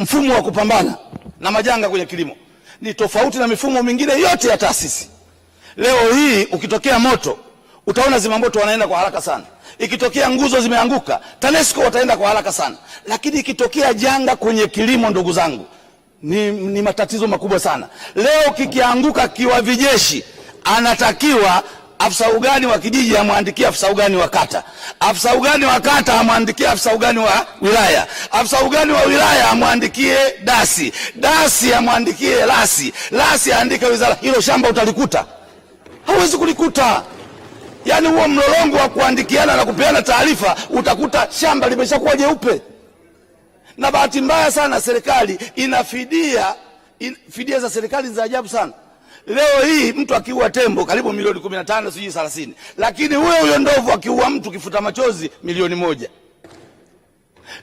mfumo wa kupambana na majanga kwenye kilimo ni tofauti na mifumo mingine yote ya taasisi. Leo hii ukitokea moto utaona zimamoto wanaenda kwa haraka sana, ikitokea nguzo zimeanguka TANESCO wataenda kwa haraka sana, lakini ikitokea janga kwenye kilimo, ndugu zangu, ni, ni matatizo makubwa sana. Leo kikianguka kiwa vijeshi anatakiwa afisa ugani wa kijiji amwandikie afisa ugani wa kata, afisa ugani wa kata amwandikie afisa ugani wa wilaya, afisa ugani wa wilaya amwandikie dasi, dasi amwandikie lasi, lasi aandike wizara. Hilo shamba utalikuta? Hauwezi kulikuta. Yaani huo mlolongo wa kuandikiana na kupeana taarifa, utakuta shamba limeshakuwa jeupe. Na bahati mbaya sana serikali inafidia in, fidia za serikali za ajabu sana. Leo hii mtu akiua tembo karibu milioni kumi na tano sijui thelathini, lakini huyo huyo ndovu akiua mtu kifuta machozi milioni moja.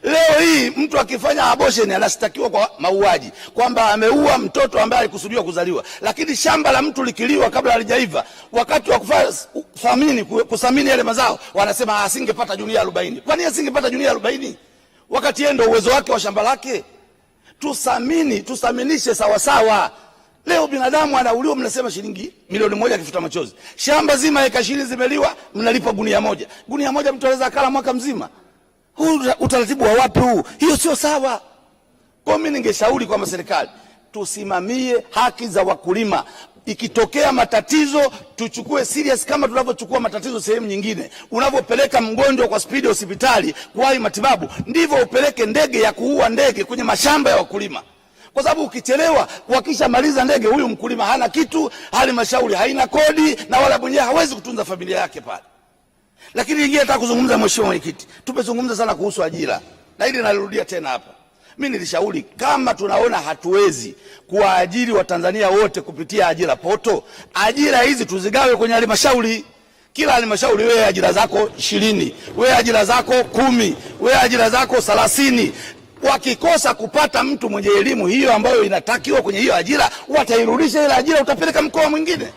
Leo hii mtu akifanya abosheni anashtakiwa kwa mauaji kwamba ameua mtoto ambaye alikusudiwa kuzaliwa, lakini shamba la mtu likiliwa kabla halijaiva, wakati wa kuthamini kusamini yale mazao wanasema asingepata junia arobaini. nini asingepata junia arobaini wakati yeye ndio uwezo wake wa shamba lake? Tuthamini, tuthaminishe sawasawa. Leo binadamu anauliwa, mnasema shilingi milioni moja akifuta machozi. Shamba zima eka ishirini zimeliwa, mnalipa gunia moja. Gunia moja mtu anaweza akala mwaka mzima. Huu utaratibu wa wapi huu? Hiyo sio sawa. Kwa mimi ningeshauri kwamba serikali tusimamie haki za wakulima. Ikitokea matatizo tuchukue serious kama tunavyochukua matatizo sehemu nyingine. Unavyopeleka mgonjwa kwa spidi hospitali kuwahi matibabu, ndivyo upeleke ndege ya kuua ndege kwenye mashamba ya wakulima kwa sababu ukichelewa wakishamaliza ndege, huyu mkulima hana kitu, halmashauri haina kodi, na wala mwenyewe hawezi kutunza familia yake pale. Lakini ingine nataka kuzungumza, mheshimiwa mwenyekiti, tumezungumza sana kuhusu ajira na hili nalirudia tena hapa. Mimi nilishauri kama tunaona hatuwezi kuwaajiri Watanzania wote kupitia ajira poto, ajira hizi tuzigawe kwenye halmashauri kila halmashauri, wewe ajira zako ishirini, wewe ajira zako kumi, wewe ajira zako thelathini wakikosa kupata mtu mwenye elimu hiyo ambayo inatakiwa kwenye hiyo ajira, watairudisha ile ajira, utapeleka mkoa mwingine.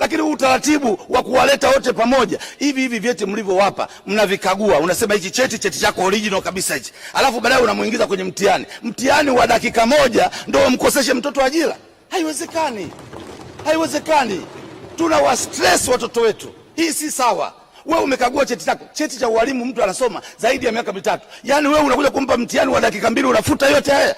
Lakini huu utaratibu wa kuwaleta wote pamoja hivi hivi, vyeti mlivyowapa mnavikagua, unasema hichi cheti cheti chako original kabisa hichi, alafu baadaye unamuingiza kwenye mtihani, mtihani wa dakika moja ndio umkoseshe mtoto ajira? Haiwezekani, haiwezekani. Tuna wa stress watoto wetu, hii si sawa wewe umekagua cheti chako, cheti cha ualimu, mtu anasoma zaidi ya miaka mitatu. Yaani wewe unakuja kumpa mtihani wa dakika mbili, unafuta yote haya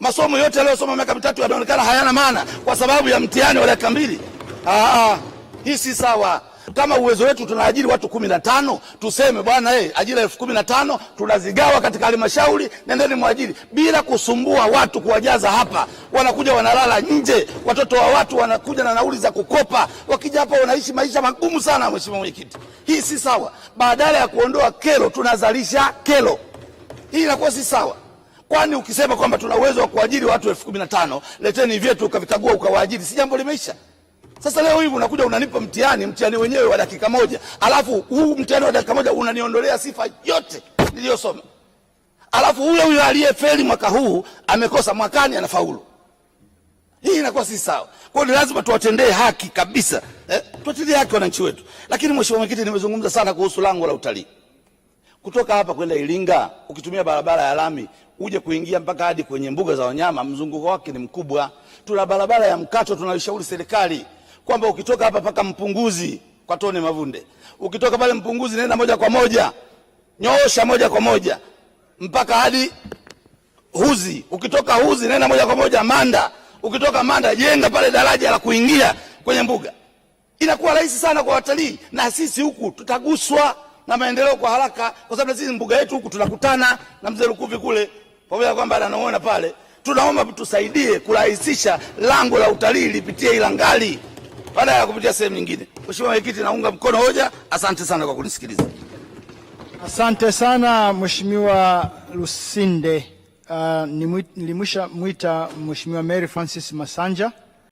masomo yote aliyosoma miaka mitatu yanaonekana hayana maana kwa sababu ya mtihani wa dakika mbili. Ah, ah. hii si sawa. Kama uwezo wetu tunaajiri watu kumi na tano, tuseme bwana hey, eh, ajira elfu kumi na tano tunazigawa katika halmashauri, nendeni mwajiri bila kusumbua watu kuwajaza hapa. Wanakuja wanalala nje, watoto wa watu wanakuja na nauli za kukopa, wakija hapa wanaishi maisha magumu sana. Mheshimiwa Mwenyekiti, hii si sawa. Badala ya kuondoa kero tunazalisha kero. Hii inakuwa si sawa Kwani ukisema kwamba tuna uwezo wa kuajiri watu elfu kumi na tano leteni vyetu ukavikagua ukawaajiri, si jambo limeisha? Sasa leo hivi unakuja unanipa mtihani, mtihani wenyewe wa dakika moja, alafu huu mtihani wa dakika moja unaniondolea sifa yote niliyosoma, alafu huyo huyo aliyefeli mwaka huu amekosa mwakani anafaulu. Hii inakuwa si sawa. Kwa hiyo lazima tuwatendee haki kabisa, eh? Tuwatendee haki wananchi wetu. Lakini mheshimiwa mwenyekiti, nimezungumza sana kuhusu lango la utalii kutoka hapa kwenda Iringa ukitumia barabara ya lami uje kuingia mpaka hadi kwenye mbuga za wanyama, mzunguko wake ni mkubwa. Tuna barabara ya mkato, tunalishauri serikali kwamba ukitoka hapa mpaka Mpunguzi kwa Tone Mavunde, ukitoka pale Mpunguzi nenda moja kwa moja, nyoosha moja kwa moja mpaka hadi Huzi. Ukitoka Huzi nenda moja kwa moja Manda. Ukitoka Manda jenga pale daraja la kuingia kwenye mbuga. Inakuwa rahisi sana kwa watalii, na sisi huku tutaguswa na maendeleo kwa haraka, kwa sababu sisi mbuga yetu huku tunakutana na mzee Lukuvi kule, pamoja kwamba ananong'ona pale. Tunaomba tusaidie kurahisisha lango la utalii lipitie Ilangali badala ya kupitia sehemu nyingine. Mheshimiwa Mwenyekiti, naunga mkono hoja. Asante sana kwa kunisikiliza. Asante sana Mheshimiwa Lusinde. Uh, nilimwisha mwita Mheshimiwa Mary Francis Masanja.